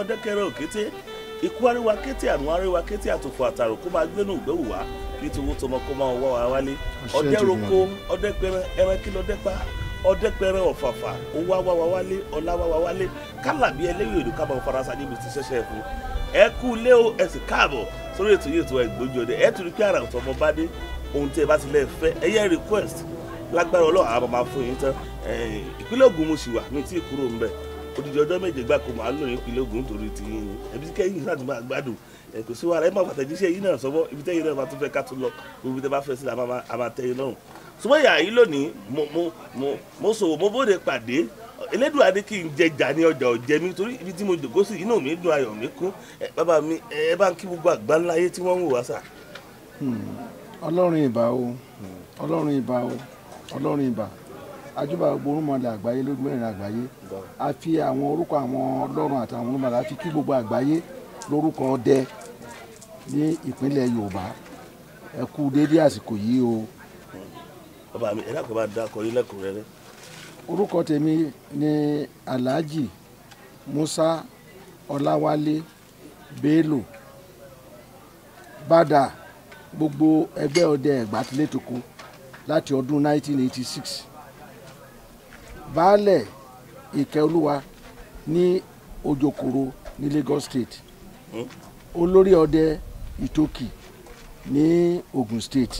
ọdẹ́kẹrẹ òkété ikú aríwa kété àrùn aríwa kété àtòfò àtàrò kó máa gbénú ìgbéwò wá nítorí tó mọ máa wọ́ wa wálé ọdẹ roko ọdẹ pẹrẹ ẹran kí lọdẹ pa ọdẹ pẹrẹ ọ̀fàfà owó wá wa wálé ọlá wá wa wálé kálàbí ẹlẹ́yìn òdò kábọ̀ farasa níbi tí ṣẹ̀ṣẹ̀ fún ẹ kú lé o ẹ sì káàbọ̀ sórí ètò yìí tó ẹ gbójú ọdẹ ẹ tún kí ara ọ̀tọ̀ ọmọ bá dé ohun tí ẹ bá request lágbára ọlọ́run àwọn máa fún yín tán ìpínlẹ̀ Ògùn mo odidi ọjọ́ méje gbáko màá lò yín pilẹ̀ ogun torí ti yín ni ẹbí kẹ́yìn láti máa gbádùn kò sí wàhálà ẹ máa fàtẹ̀jíṣẹ́ yín náà sọ́wọ́ ibi tẹ́yìn náà máa tún fẹ́ ká tún lọ gbogbo ibi tẹ́ bá fẹ́ sí la máa tẹ́yìn lọ́rùn. sọ́wọ́ ìyá yìí lónìí mo mo mo mo sòwò mo bóde pàdé elédùn adé kì í jẹ jà ní ọjà ọ̀jẹ̀ mi torí ibi tí mo jòkó sí inú mi dùn ayọ̀ mi kún bàbá mi ẹ bá ń kí gbogbo àgbáńláyé tí wọ́n ń wò wá sà. Hmm. ọlọ́run ìbà o ọlọ́run ìbà o ọlọ́run ìbà ajúbà gborúmọlẹ̀ àgbáyé lójú mẹ́rin àgbáyé a fi àwọn orúkọ àwọn ọlọ́run àtàwọn olùmọ̀lẹ̀ a fi kí gbogbo àgbáyé lórúkọ ọdẹ ní ìpínlẹ̀ yorùbá ẹ kú dédé àsìkò yìí o. bàbá mi ẹ dákọ̀ bá da akọ yín lẹ́kùnrẹ́rẹ́. orúkọ tèmi ni alhaji musa ọláwálé bello bada gbogbo ẹgbẹ́ ọdẹ ẹ̀gbá tilétoko láti ọdún 1986 baálẹ̀ ìkẹ́olúwa ní ojokoro ní Lagos state olórí ọdẹ ìtòkì ní Ogun state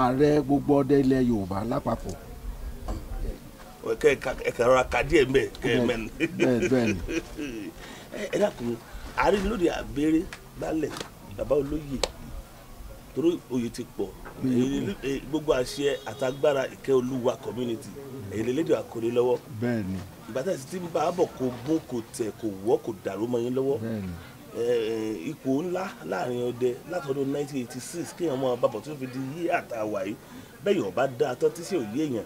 ààrẹ gbogbo ọdẹ ilẹ̀ Yorùbá lápapọ̀ ẹkẹ rọra ka díẹ̀ mbẹ kẹmẹ ní. ẹ dákun àárín lóde àbẹrẹ balẹ̀ baba olóyè torí oyè ti pọ̀ gbogbo àṣẹ àtagbára ìkẹ́ olúwa community èyí lè lédè àkọlé lọ́wọ́ bẹ́ẹ̀ni ìbátan ti ń bá a bọ̀ kó gún kó tẹ̀ kó wọ́ kó dàrú mọ́ yín lọ́wọ́ bẹ́ẹ̀ni ipò ńlá láàrin ọdẹ látọdún 1986 kéèyàn mọ àbábọ̀ tó fi di yí àtàwà yìí bẹ́ẹ̀ yóò bá dá atọ́ tí sí òye èèyàn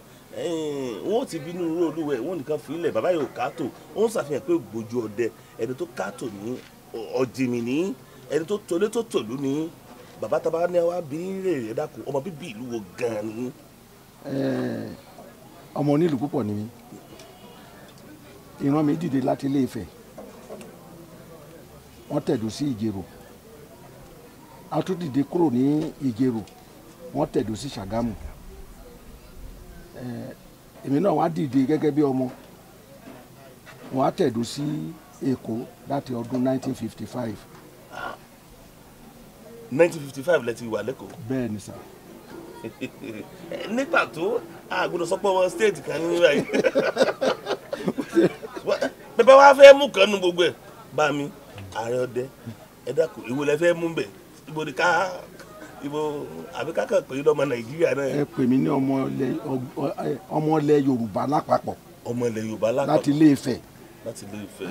wọn ò ti bínú irú olúwẹ̀ wọn nìkan fi ilẹ̀ bàbá yóò káàtó wọn ṣàfihàn pé gbòjú ọdẹ ẹni tó káàtó ní ọ̀jìnmí ní ẹni tó tolé tó bàbá tàbá ní wa bí ń rè rè dákun ọmọ bíbí ìlú wo gan ni. ọmọ onílù púpọ̀ ni mí ìran mi dìde láti ilé Ifẹ̀ wọ́n tẹ̀dó sí Ìjẹ̀rò a tún dìde kúrò ní Ìjẹ̀rò wọ́n tẹ̀dó sí Ṣàgámù èmi náà wá dìde gẹ́gẹ́ bí ọmọ wọ́n á sí Èkó láti ọdún 1955 1955 lẹ ti wà lẹ́kọ̀ọ́. bẹ́ẹ̀ ni sà. ní pàtó àgùdọ̀ sọ pé wọn stéètì kan ní ìlà yìí bẹ́ẹ̀ bá wá fẹ́ mú kan nu gbogbo ẹ̀ bá mi ààrẹ ọdẹ ẹ dákun ìwo lẹ fẹ́ mú bẹ̀ ibo ni ká ibo àbí kákan pè é lọ́mọ nàìjíríà náà. ẹ pè mí ní ọmọ ilẹ̀ yorùbá lápapọ̀. ọmọ ilẹ̀ yorùbá lápapọ̀ láti ilé Ifẹ̀. láti ilé Ifẹ̀.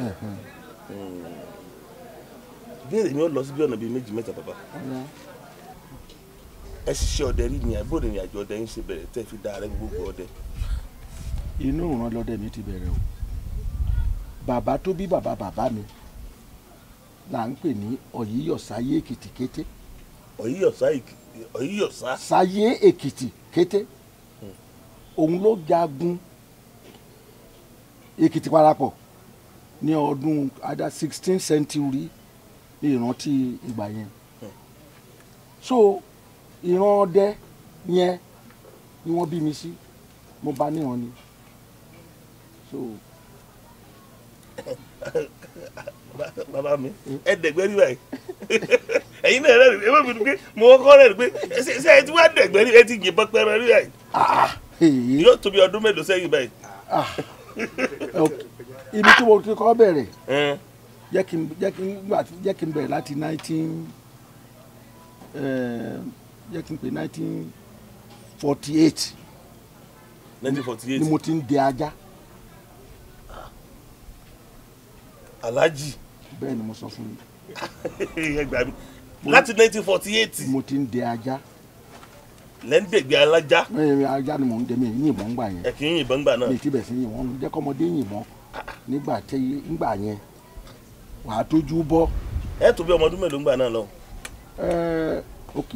ìbéèrè mi ó lọ sí bí ọ̀nà bíi méjì mẹ́ta bàbá ẹ ṣiṣẹ́ ọdẹ rí ni àbúrò ìrìn àjò ọdẹ ń ṣe bẹ̀rẹ̀ tẹ́ fi dá ààrẹ gbogbo ọdẹ. inú ìran mi ti bẹ̀rẹ̀ o bàbá tó bí bàbá bàbá mi là ń pè ní èkìtì kété. ọ̀yíyọ̀sá. sáyé èkìtì kété òun ló jagun èkìtì parapọ̀ ní ọdún sixteen century ìrántí ìgbà yẹn so ìran ọdẹ yẹn ni wọ́n bí mi sí mo bá níran ni so. bàbá mi ẹ dẹ̀gbẹ́ rí báyìí ẹ̀yin náà rẹ̀ ẹ má bínú pé mo kọ́ rẹ̀ pé ṣé ẹ ti wá dẹ̀gbẹ́ rí ẹ ti yìnbọn pẹ́ẹ́rẹ́ rí báyìí ah, yóò tóbi ọdún mélòó sẹ́yìn báyìí. Ah, ibi tí mo ti kọ́ bẹ̀rẹ̀ jẹ́ kí n jẹ́ kí n gbà jẹ́ kí n bẹ̀rẹ̀ láti nineteen eh, jẹ́ kí n pè nineteen forty eight nineteen forty eight ni mo ti ń de ajá. Alhaji. bẹ́ẹ̀ ni mo sọ fún yín. ẹ gbà mí láti nineteen forty mo ti ń de ajá lẹ́ńdẹ̀gbẹ́ alájá. Eh, ajá ni mò ń dẹ́mi yìnbọn gbà yẹn. ẹ yìnbọn gbà náà. mi ti bẹ̀ sí yìnbọn jẹ́ kọ́mọdé yìnbọn ah. nígbà yẹn wàá tójú bọ́. ẹ tó bí ọmọ ọdún mélòó ń gbà náà lọ. ẹ ok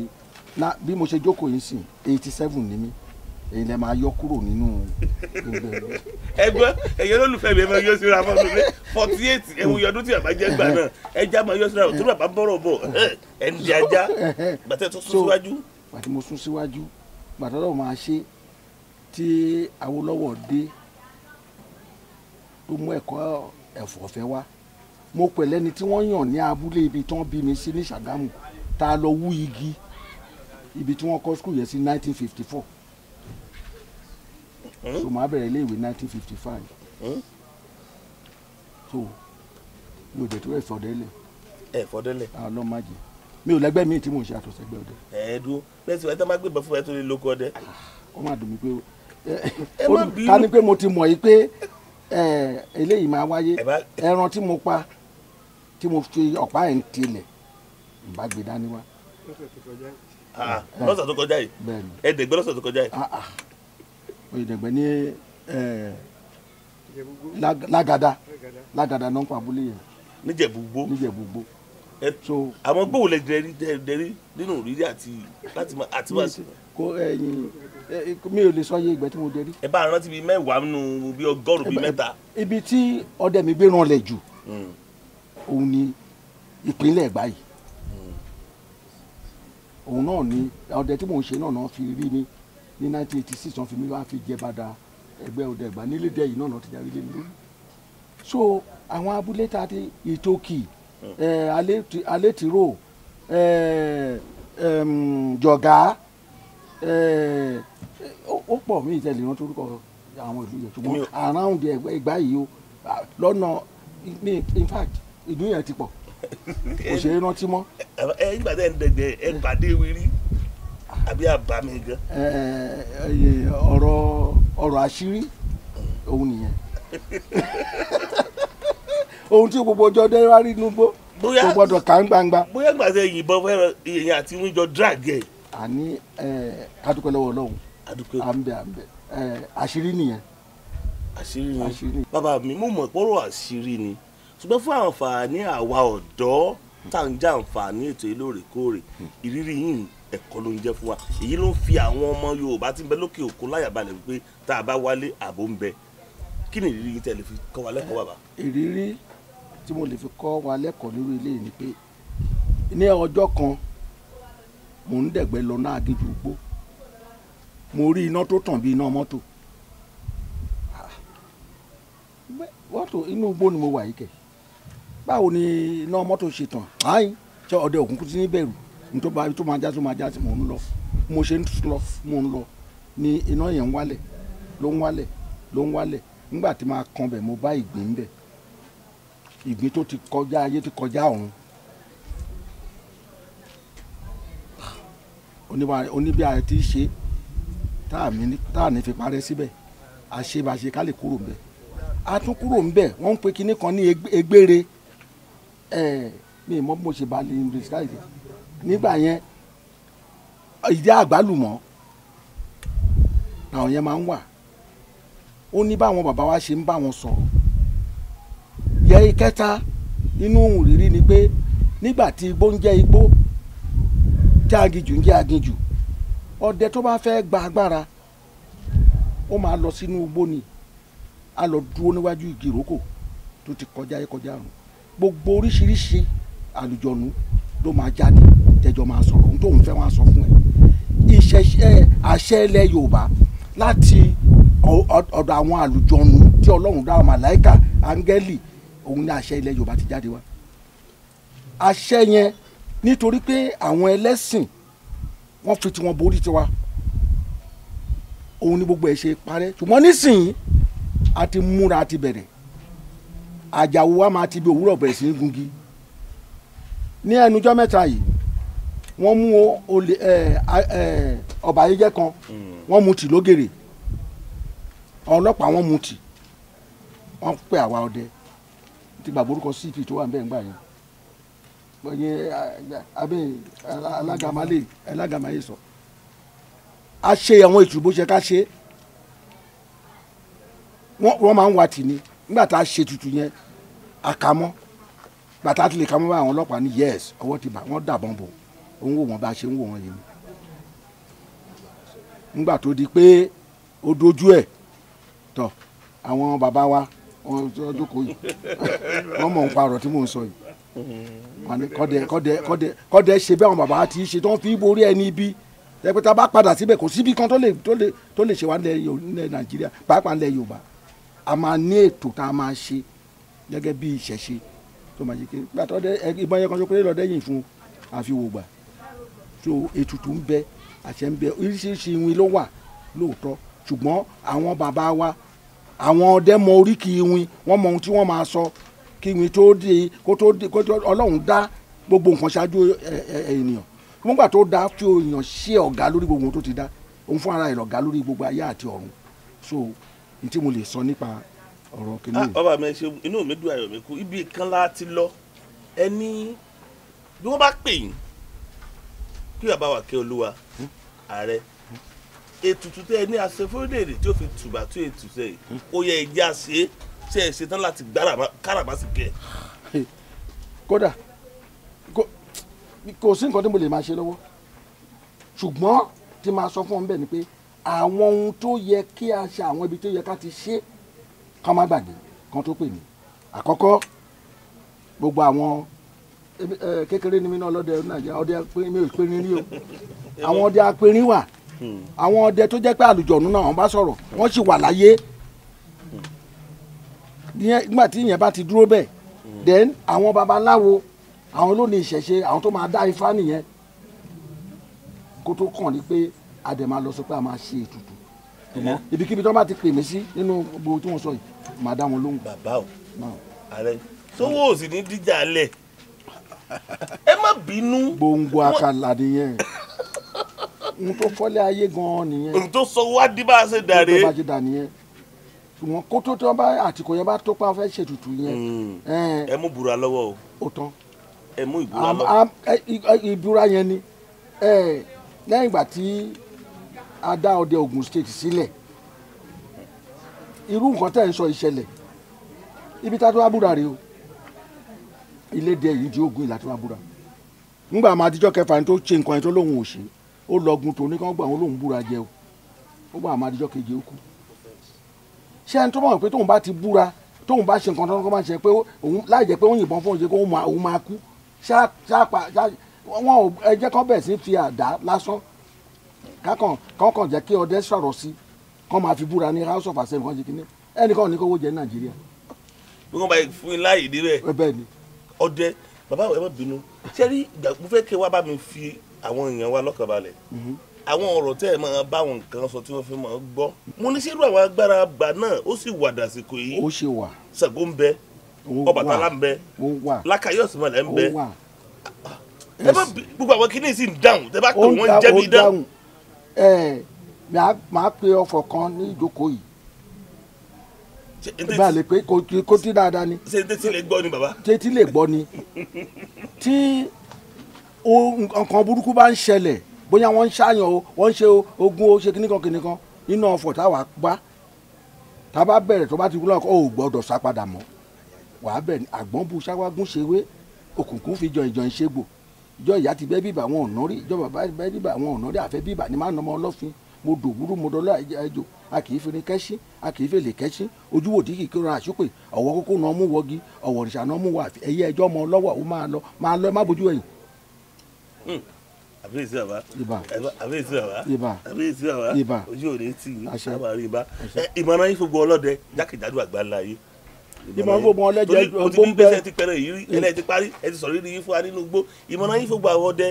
na bí mo ṣe jókòó yìí sìn eighty seven ni mí èyí lè máa yọ kúrò nínú. ẹgbẹ́ ẹ̀yẹ lólùfẹ́ mi ẹ máa yọ sí ra fọ́ọ̀tù mi forty eight ẹ̀wù yọdún tí bàbá jẹ́ gbà náà ẹja máa yọ sí ra tó bàbá bọ̀rọ̀ bọ̀ ẹnìdí ajá gbàtẹ́ tó sún síwájú. gbàtẹ́ mo sún síwájú gbàtẹ́ lọ́wọ́ máa ṣe tí Awólọ́wọ̀ dé tó mú ẹ̀kọ́ ẹ̀fọ́ fẹ́ wá mo pẹ̀lẹ́ ni tí wọ́n yàn ní abúlé ibi tí wọ́n bí mi sí ní Ṣàgámù tá a lọ wú igi ibi tí wọ́n kọ́ skul yẹn sí 1954 so màá bẹ̀rẹ̀ iléèwé 1955 so mi ò dẹ̀ tó ẹ̀ fọ̀dẹ́lẹ̀ ẹ̀ fọ̀dẹ́lẹ̀ àlọ́ ah, má jẹ́ mi ò lẹ́gbẹ́ míì tí mò ń ṣe àtọ̀sẹ́gbẹ́ ọdẹ. ẹ ẹ dúró lẹ́sìn wáyé tá a máa gbé ìbọn fún tó lè lóko ọdẹ. ó máa dùn mí pé ká ní pé mo ti mọ̀ yìí pé eléyìí máa wáyé ẹran tí mo pa tí mo fi ọ̀pá ẹ̀ ń tilẹ̀ n bá gbé dání wá. Ah, lọ́sàn tó kọjá yìí ẹ̀ẹ́dẹ̀gbẹ́ lọ́sàn tó kọjá yìí. Ah, ah. ẹ̀ẹ́dẹ̀gbẹ́ ní lágàdá lágàdá náà ń pa abúlé yẹn. níjẹ̀bùgbó níjẹ̀bùgbó. àwọn gbòòwò lè dẹrí dẹrí nínú rírí àti láti máa àti máa sí. kò ẹyin mi ò lè sọ iye ìgbà tí mo dẹrí. ẹ bá rántí bíi mẹ́wàá nínú bíi ọgọ́rùn-ún bíi mẹ́ta. ibi tí ọdẹ mi gbé ràn lẹ̀ jù hmm òun ni ìpínlẹ̀ ẹ̀gbá yìí hmm. òun náà ni ọdẹ tí mò ń ṣe náà náà fi rí mi ní nineteen eighty six wọn fi mi wá fi jẹ bàdà ẹgbẹ́ ọdẹ ẹ̀gbá nílé dẹ́ náà náà ti darí lé mi lórí so àwọn abúlé ta ti ìtòkì hmm. eh, alétìró eh, jọ̀gá eh, ó pọ̀ mí ìtẹ̀lé wọn torúkọ àwọn ìlú yẹn ṣùgbọ́n around ẹgbẹ́ ìgbà yìí o lọ́nà in fact ìdún yẹn ti pọ̀ kò ṣe é rántí mọ́. ẹ nígbà tẹ́ ẹ ń dẹ̀gbẹ́ ẹ pàdé wírí àbí àbá mi gan. ọ̀rọ̀ ọ̀rọ̀ àṣírí òun nìyẹn ohun tí gbogbo ọjọ́ dé wá rí inú gbó kò gbọ́dọ̀ kà ń gbangba. bóyá gbàtẹ yìnbọn fẹ́ràn èèyàn àti wíjọ drag ẹ̀. àní adúpẹ́ lọ́wọ́ ọlọ́run à ń bẹ à ń bẹ àṣírí nìyẹn. àṣírí ni bàbá mi mo mọ̀ pọ́rọ̀ àṣírí ni ṣùgbọ́n fún àǹfààní àwa ọ̀dọ́ tá à ń já àǹfààní ètò yìí lóòrèkóòrè ìrírí yìí ẹ̀kọ́ ló ń jẹ́ fún wa èyí ló ń fi àwọn ọmọ Yorùbá tí ń bẹ lókè òkun láyàbalẹ̀ wípé tá a bá wálé ààbò ń bẹ kí ni ìrírí yìí tẹ̀lé fi kọ́ wa lẹ́kọ̀ọ́ bàbá. ìrírí tí mo lè fi kọ́ wa lẹ́kọ̀ọ́ lórí ilé ni pé ní ọjọ́ kan mò ń dẹ̀gbẹ́ lọ náà aginjù gbó mo rí iná tó tàn bí iná mọ́tò wọ́tò ah, inú igbó ni mo wà yìí kẹ̀ báwo ni iná mọ́tò ṣe tàn áyín ṣe ọdẹ òkùnkùn ti ní bẹ̀rù nítorí tó máa já tó máa já mò ń lọ mo ṣe ń lọ mò ń lọ ni iná yẹn ń wálẹ̀ ló ń wálẹ̀ ló ń wálẹ̀ nígbà tí máa kan bẹ̀ mo bá ìgbín ń bẹ̀ ìgbín tó ti kọjá ayé ti kọjá ọ̀run oníbí ààrẹ ti ṣe tá à ní fi parẹ́ síbẹ̀ àṣebàṣe ká lè kúrò ń bẹ̀ a tún kúrò ń bẹ̀ wọ́n ń pe kinní kan ní egbére. Egbe ẹ mi mọ mo ṣe balẹ̀ english láì dé nígbà yẹn ìdí àgbálùmọ̀ làwọn yẹn máa ń wà ó ní báwọn bàbá wa ṣe ń bá wọn sọ̀rọ̀ yẹ ìkẹta nínú ohun rírí ni pé nígbà tí igbó ń jẹ́ igbó tí aginjù ń jẹ́ aginjù ọdẹ tó bá fẹ́ gba agbára ó máa lọ sínú igbó ni a lọ dúró níwájú ìgì ìrókò tó ti kọjá yẹ kọjá àrùn gbogbo oríṣiríṣi àlùjọ̀nù ló máa jáde jẹjọ máa sọ̀rọ̀ ohun tóun fẹ́ wọn sọ fún ẹ ìṣẹ̀ṣẹ̀ àṣẹ ilẹ̀ yorùbá láti ọ̀dọ̀ àwọn àlùjọ̀nù tí ọlọ́run dá màláìkà áńgẹ́lì òun ni àṣẹ ilẹ̀ yorùbá ti jáde wá àṣẹ yẹn nítorí pé àwọn ẹlẹ́sìn wọ́n fi tiwọn borí tiwa òun ni gbogbo ẹ̀ ṣe parẹ́ ṣùgbọ́n nísìnyí a múra a bẹ̀rẹ̀ àjàwò wa máa ti bí òwúrọ̀ bẹ̀rẹ̀ sí í gungi ní ẹnujọ́ mẹ́ta yìí wọ́n mú olè ọ̀bàyéjẹ́ kan wọ́n mu tì lógèrè ọlọ́pàá wọ́n mu tì wọ́n pè àwa ọdẹ ti gbàgbọ́ orúkọ cp tó wà níbẹ̀ ń gbà yẹn bọ́yẹ abẹ́ alágàmálè alágàmáyé sọ a ṣe àwọn ètò ká ṣe wọ́n máa ń wà tì ní nígbà tá a ṣe tutù yẹn a kà mọ́ bàtà tilẹ̀ kà mọ́ bá àwọn ọlọ́pàá ní yẹ́s ọwọ́ ti bà wọ́n dàbọ̀n bò òun wò wọ́n bá a ṣe ń wò wọ́n yìí nígbà tó di pé ó dojú ẹ̀ tọ̀ àwọn bàbá wa wọ́n jókòó yìí wọ́n mọ̀ ń parọ̀ tí mò ń sọ yìí kọ́dẹ kọ́dẹ kọ́dẹ kọ́dẹ ṣe bí àwọn bàbá ti ṣe tó ń fi borí ẹni ibi ẹgbẹ́ta bá padà síbẹ̀ kò síbi kan tó lè tó lè tó lè ṣe wá nílẹ̀ nàìjíríà pàápàá nílẹ̀ yorùbá a máa ní ètò tá a máa ṣe gẹ́gẹ́ bí ìṣẹ̀ṣe tó máa ṣe kí nígbà tó dé ìbọn yẹn kan tó péré lọ́dẹ́ yìí fún àfiwògbà so ètùtù ń bẹ àṣẹ ń bẹ oríṣiríṣi iwin ló wà lóòótọ́ ṣùgbọ́n àwọn bàbá wa àwọn ọdẹ mọ oríkì iwin wọ́n mọ ohun tí wọ́n máa sọ kí iwin tó dé kó tó dé kó tó ọlọ́run dá gbogbo nǹkan ṣáájú ènìyàn nígbà tó dá fi èèyàn ṣe ọ̀gá lórí gbogbo ohun tó ti dá òun fún ara ẹ̀ lọ̀gá lórí gbogbo ayé àti ọ̀run so ní tí mo lè sọ nípa ọ̀rọ̀ kìnìún. Ah, ọba mi ṣe inú mi dùn ayọ̀ mi kú ibi kan la ti lọ ẹni bí wọ́n bá pè yín kí bàbá wa kẹ́ olúwa hmm? ààrẹ ètùtù tẹ ẹ ní àṣefúrúdèrè tí ó fi tùbà tó ètùtù ẹ hmm? ó yẹ ìjà ṣe é ṣe é ṣetán láti káràbá sí kẹ. kódà kò sí nǹkan tí mo lè máa ṣe lọ́wọ́ ṣùgbọ́n tí màá sọ fún ọ bẹ́ẹ̀ ni pé àwọn ohun tó yẹ kí a ṣe àwọn ibi tó yẹ ká ti ṣe kán má gbàgbé kan tó pè mí àkọ́kọ́ gbogbo àwọn kékeré ni mí náà lọ́dẹ nàìjíríà ọdẹ mi ò péré rí o àwọn ọdẹ apẹrin wà àwọn ọdẹ tó jẹ́ pé àlùjọ̀nù náà wọ́n bá sọ̀rọ̀ wọ́n sì wà láyé nígbà tí ìyẹn bá ti dúró bẹ́ẹ̀ then àwọn babaláwo àwọn ló ní ìṣẹ̀ṣe àwọn tó máa dá ifá nìyẹn kó tó kàn ní pé a dẹ̀ máa lọ sọ pé a máa ṣe ètùtù ibikíbi tó bá ti pè mí sí nínú gbogbo tí wọ́n sọ yìí màá dá wọn lóhùn. bàbá o ààrẹ sówó ò sì ní díjà lẹ ẹ má bínú. gbòǹgbò àkàlà nìyẹn ohun tó fọ́lé ayé gan-an nìyẹn. ohun tó sọ wá dí bá a ṣe dàrẹ́. ohun tó bá ṣe dà nìyẹn ṣùgbọ́n kó tó tán bá àtìkò yẹn bá tó pa fẹ́ ṣètùtù yẹn. Hmm. ẹ mú ìbúra lọ́wọ́ o. ó tán. ẹ mú ìbúra lọ́wọ́. ìbúra yẹn ni lẹ́yìn ìgbà tí a dá ọdẹ Ogun State sílẹ̀ irú nǹkan tẹ̀ ń sọ ìṣẹ̀lẹ̀ ibi tá a tó wá búra rèé o ilé díẹ̀ yìí di ogun ìlà tó wá búra ńgbà máa dijọ́ kẹfà ní tó ṣe nǹkan yẹn tó lóun ò ṣe ó lọ́gun tó ní kí wọ́n gbà wọn lóun búra jẹ o ó gbà máa dijọ́ keje ó kú ṣé ẹni tó mọ̀ pé tóun bá ti búra tóun bá ṣe nǹkan tó ń kọ́ máa ṣe pé òun láì jẹ́ pé ó yìnbọn fún òun ṣe pé òun máa kú ṣáà ṣáà pa ṣáà wọn ò ẹjẹ́ kan bẹ̀ sí fi àdá lásán kákan kankan jẹ́ kí ọdẹ sọ̀rọ̀ sí kán máa fi búra ní house of assembly kan jẹ́ kí ní ẹnìkan ò ní kówó jẹ ní nàìjíríà. bí wọ́n bá fún yín láàyè dé rẹ̀ ọdẹ bàbá ẹ má bínú ṣé rí mo fẹ́ kí wá bá mi fi àwọn èèyàn wa lọ́kàn balẹ̀ mhm. àwọn ọ̀rọ̀ tẹ́ ẹ̀ máa bá àwọn nǹkan sọ tí wọ́n fi máa gbọ́ mo ní sírú àwọn agbára àgbà náà ó sì wà dàsìkò yìí ó ṣe wà Ṣàngó ń bẹ Ọbàtálá ń bẹ Lákàyọ̀sí mọ̀lẹ́ ń bẹ ẹ bá gbogbo àwọn kìnìún sì ń dáhùn tẹ bá pè wọ́n jẹ́bi dáhùn ẹ máa pe ọfọ̀ kan ní ìjókòó yìí bá a lè pé kó tí dáadáa ni. ṣe tètè lè gbọ́ ni bàbá. tètè lè gbọ́ ni tí nǹkan burúkú bá ń ṣẹlẹ̀ bóyá wọ́n ń ṣàyàn o wọ́n ń ṣe ogun o ṣe kíníkan kíníkan nínú ọfọ̀ táwa gbá tá a bá bẹ̀rẹ̀ tó bá ti kú náà kó o gbọ́dọ̀ sá padà mọ́ wàá bẹ̀rẹ̀ àgbọ̀n bu ṣáwágún ṣe wé òkùnkùn fi jọ ìjọ ìṣègbò jọ ìyá ti bẹ́ bíbà wọn ọ̀nà rí jọ bàbá bẹ́ bíbà wọn ọ̀nà rí àfẹ́ bíbà ni máa nọmọ ọlọ́fin mo dòwúrú mo dọ́lá ẹjọ́ a kì í fi ní kẹ́sí a kì í fèlè kẹ́sí ojú wò díkì kí ra àṣùpè ọ̀wọ́ kókó náà mú wọ́gi ọ̀wọ́ òrìṣà náà mú wà ẹ̀yẹ ẹjọ́ ọmọ ọlọ́wọ́ ó máa lọ máa lọ ẹ má bójú ẹ̀yìn. Hmm. àbíyèsí bàbá àbíyèsí bàbá àbíyèsí bàbá ojú òní tì í àbárí ibà ìmọ̀ràn yín fún gbọ́ ọlọ́dẹ jákèjádò àgbáńlá yìí ìmọ̀ ń fògbọ́n ọlẹ́jẹ̀ gbọ́ngbẹ́. torí o ti bí pẹ́sẹ̀ ti pẹ̀rẹ̀ yìí rí ẹlẹ́yìn ti parí ẹ ti sọ̀rọ̀ yìí fún wa nínú igbó ìmọ̀ràn yín fògbọ́n àwọn ọdẹ.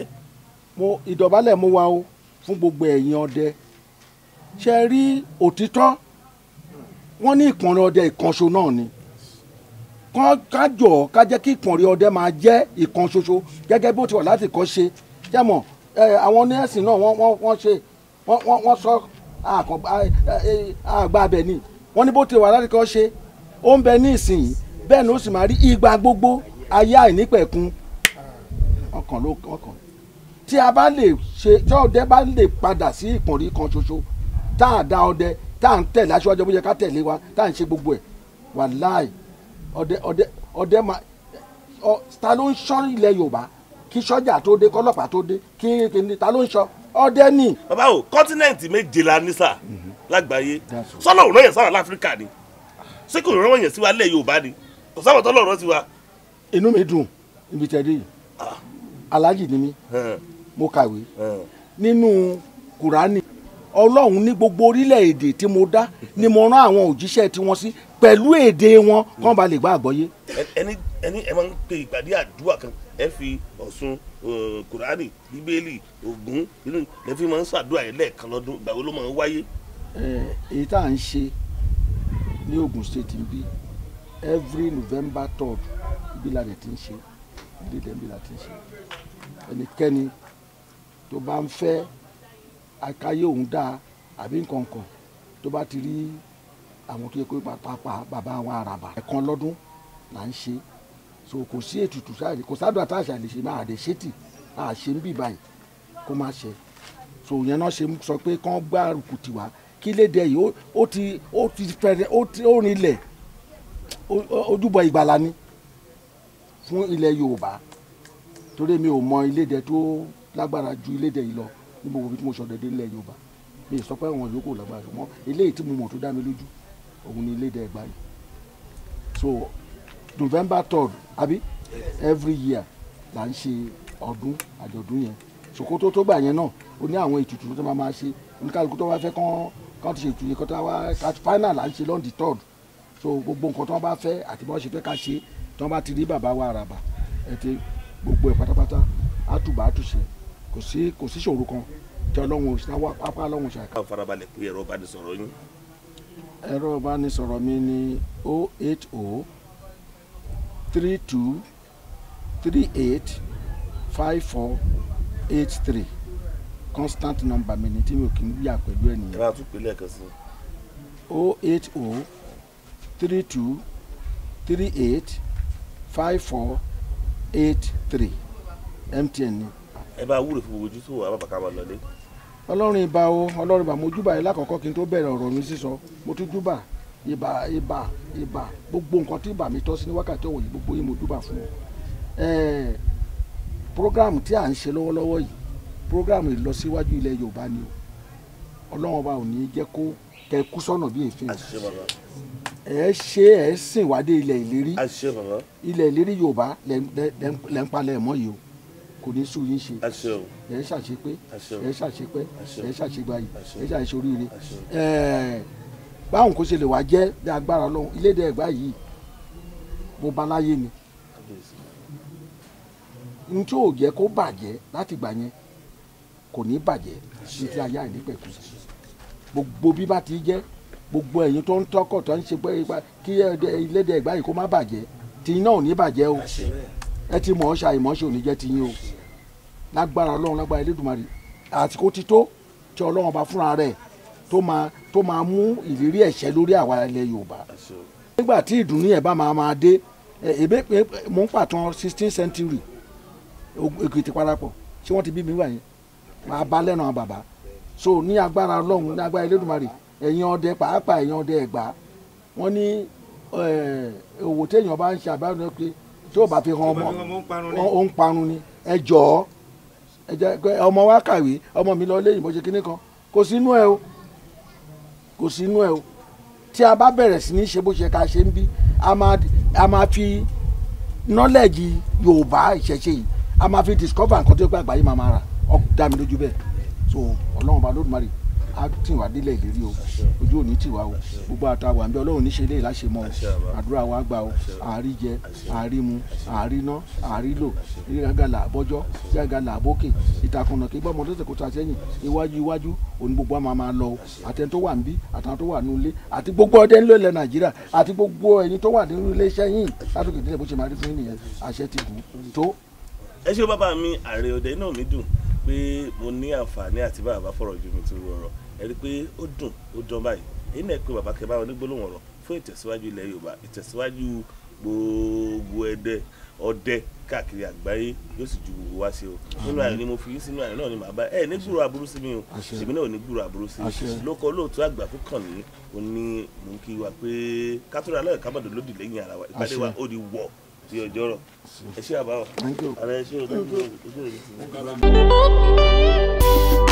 mo ìdọ̀bálẹ̀ mú wa o fún gbogbo ẹ̀yin ọdẹ ṣe rí òtítọ́ wọ́n ní ìpọ̀nrín ọdẹ ìkanṣo náà ni kájọ ká jẹ́ kí ìpọ̀nrín ọdẹ máa jẹ́ ìkanṣoṣo gẹ́gẹ́ bó ti wà láti kọ́ ṣe jẹ́mọ̀ àwọn nẹ́ẹ̀sì náà wọ́n ṣe wọ́n sọ àgbà abẹ ni wọ́n ní bó ti wà láti kọ́ ṣe ó ń bẹ ní ìsìn bẹ́ẹ̀ ni ó sì máa rí ìgbà gbogbo ayé àìnípẹ̀kun ọkàn ló ọkàn tí a bá lè ṣe tí ọdẹ bá lè padà sí ìpọ̀nrí kan ṣoṣo tá a da ọdẹ tá a ń tẹ̀lé aṣọ́jọ́ bó yẹ ká tẹ̀lé wa tá a ń ṣe gbogbo ẹ̀ wàláì ọdẹ ọdẹ ọdẹ máa ọ ta ló ń ṣọ́ ilẹ̀ Yorùbá kí sọ́jà tó dé kọ́lọ́pàá tó dé kí kìnìún ta ló ń ṣọ́ ọdẹ ni. bàbá o kọ́ńtínẹ̀ǹtì méje la ní sà mhm. lágbàáyé sọ́nà òun náà yẹ sára láfíríkà ni ṣé kò rọrùn yẹn sí wa lẹ́ Yorùbá ni kò sáwọn tó lọ́rọ̀ sí wa. inú mi dùn ibi tẹ̀lé yìí aláàjì ni mí mo kàwé nínú kùránì ọlọ́run ní gbogbo orílẹ̀-èdè tí mo dá ni mo rán àwọn òjíṣẹ́ tiwọn sí pẹ̀lú èdè wọn kán ba lè gbá àgbọ́yé. ẹni ẹni ẹ máa ń pe ìpàdé àdúrà kan ẹ fi ọ̀ṣun kùránì bíbélì ògún inú ẹ fi máa ń ṣàdúrà yẹn lẹ́ẹ̀kan lọ́dún ìgbà wo ló máa ń wáyé. èyí tá à ń ṣe ní Ogun State ń bí every November third ibi la dẹ̀ ti ń ṣe ibi dẹ̀ ibi la ti ń ṣe ẹnikẹ́ni tó bá ń fẹ́ akáyé òun dáa àbí nǹkan kan tó bá ti rí àwọn tó yẹ kó pàápàá bàbá àwọn àràbà ẹ̀kan lọ́dún là ń ṣe so kò sí ètùtù sáàlì kò sádùn àtàṣà lè ṣe máa dé ṣètì máa ṣe ń bì báyìí kó má ṣe so yẹn náà ṣe sọ pé kán gbárùkù tiwa kílédè yìí ó ti ó ti fẹrẹ ó ti ó rin ilẹ̀ ojúbọ ìgbàlà ni fún ilẹ̀ Yorùbá torí mi ò mọ ilédè tó lágbára ju ilédè yìí lọ ní gbogbo bí tí mo sọdọ̀ dé ilẹ̀ Yorùbá mi ì sọ pé àwọn yòókù lágbára ṣùgbọ́n eléyìí tí mo mọ̀ tó dá mi lójú òun ni ilédè Ẹ̀gbá yìí so November third àbí every year là ń ṣe ọdún àjọ̀dún yẹn Sòkòtò tó gbà yẹn náà ó ní àwọn ètùtù tó máa máa ṣe oníkálukú tó bá fẹ́ kán kán ti ṣètò yẹn kán tó wá final là ń ṣe lọ́ndì third so gbogbo nǹkan tó wọn bá fẹ́ àti bọ́n ṣe fẹ́ ká ṣe tó wọn bá ti rí bàbá wa àràbà ẹ ti gbogbo ẹ̀ pátápátá àtùbà àtúnṣe kò sí kò sí ṣòro kan tí ọlọ́run ṣáwá pápá ọlọ́run ṣàkà. báwo farabalẹ̀ pé ẹ̀rọ ìbánisọ̀rọ̀ yín. ẹ̀rọ ìbánisọ̀rọ̀ mi ni o oh eight o oh three two three eight five four eight three constant number mi ni tí mi ò kì í yà pẹ̀lú ẹ̀ nìyẹn. tún pè lẹ́ẹ̀kan sí. o oh eight o oh three two three eight five four eight three mtn ni. ẹ bá wúrò fún ojú tó wà bàbá ká lọlé. ọlọ́run ìbà o ọlọ́run ìbà mo júbà yìí lákọ̀ọ́kọ́ kí n tó bẹ̀rẹ̀ ọ̀rọ̀ mi sísọ mo tún júbà ìbà ìbà ìbà gbogbo nǹkan tí ìbà mi tọ́ sí ní wákàtí ọ̀wọ̀ yìí gbogbo yìí mo júbà fún ọ. ẹ̀ẹ́ program tí à ń ṣe lọ́wọ́lọ́wọ́ yìí programu ìlọsíwájú ilẹ̀ yorùbá ni o ọlọ́run ọba ò ní jẹ́ kó kẹ kú sọ́nà bí èéfín ẹ ṣe ẹ sìn wádé ilẹ̀ ìlérí ilẹ̀ ìlérí yorùbá lẹ́ ń palẹ̀ mọ́ yìí o kò ní sùn yín ṣe ẹ ṣàṣepé ẹ ṣàṣepẹ́ ẹ ṣàṣegbayì ẹ ṣàṣoríire báwọn kò ṣe lè wá jẹ́ bí agbára ọlọ́run ilédè ẹ̀gbá yìí mo bá láyé ni n tí ò jẹ́ kó bàjẹ́ láti gbà yẹn kò ní bàjẹ́ títí ayé àìní pẹ̀kú gbogbo bí bá ti jẹ́ gbogbo ẹ̀yin tó ń tọ́kọ̀ tó ń ṣe pé kí ẹlẹ́dẹ̀ ẹ̀gbá yìí kó má bàjẹ́ tìyín náà ò ní bàjẹ́ o ẹ ti mọ̀ ọ́ ṣe àìmọ̀ ò ní jẹ́ tìyín o lágbára ọlọ́run lágbára elédùnmarè àsìkò ti tó tí ọlọ́run bá fúnra rẹ̀ tó máa tó máa mú ìrírí ẹ̀ṣẹ̀ lórí àwa ilẹ̀ yorùbá nígbà tí ìdùnnú yẹn bá máa máa dé èbè pé mò ń pàtàn sixteen century èkìtì parapọ̀ ṣé wọ́n ti bí mi wà máa bá lẹ́nu àwọn so ní agbára ọlọ́run ní agbára elédùnmarè ẹ̀yin ọdẹ pàápàá ẹ̀yin ọdẹ ẹ̀gbá wọ́n ní eh, òwò téèyàn bá ń ṣe àbáyọ̀ náà pé tí ò bá fi hàn ọmọ ó ń parun ni ẹ jọ̀ọ́ ẹ ọmọ wa kàwé ọmọ mi lọ léyìn mo ṣe kinní kan kò sínú ẹ o kò sínú ẹ o tí a bá bẹ̀rẹ̀ sí ní ṣe bó ṣe ká ṣe ń bí a máa fi nọ́lẹ̀jì yorùbá ìṣẹ̀ṣe yìí a máa fi discover nǹkan tó gbàgbá yìí máa máa rà dá mi lójú bẹ́ẹ̀ so ọlọ́run bá lódùmarè á tì wá délẹ̀ ìlérí o ojú òní tì wá o gbogbo àtàwọn àmì ọlọ́run níṣe lè láṣẹ mọ́ o àdúrà wa gbà o àárí jẹ àárí mu àárí ná àárí lò ìrẹ́gàlà àbọ́jọ́ ìrẹ́gàlà àbókè ìtàkùnà kí bọ́mọ tó tẹ̀kọ́ ta sẹ́yìn iwájú iwájú òní gbogbo àmà máa lọ o àtẹni tó wà níbí àtàwọn tó wà nílé àti gbogbo ọdẹ nílò ilẹ̀ nàìjíríà àti gbogbo ẹni tó wà nínú ilé iṣẹ́ yìí látòkè délẹ̀ bó ṣe máa rí fún yín nìyẹn àṣẹ ti gùn tó. ẹ ṣé bàbá mi àrè òde náà mi dùn pé mo ní àǹfààní àti bàbá fọ̀rọ̀ ju mi tó rọrọ̀ ẹ rí pé ó dùn ó dán báyìí èyí pé bàbá kẹbàá onígbólóhùn ọ̀rọ̀ fún ìtẹ̀síwájú ilẹ̀ Yorùbá ìtẹ̀síwájú gbogbo ẹdẹ ọdẹ káàkiri àgbáyé yóò sì ju gbogbo wa ṣe o nínú àìní mo fi yín sínú àìní náà ni màá bá ẹ ní gbúrò aburú sí mi o ṣèmi náà ò ní gbúrò aburú sí mi lóko olóòtú àgbà tó kàn o ní mò kí wa pé kátóra lọ́yọ̀ kábàdàn lódì lẹ́yìn ara wa ìpàdé wa ó di wọ̀ tí ọjọ́ rọ̀ ẹ ṣé àbáwọ̀ ààrẹ ẹ ṣé òní ojú òní.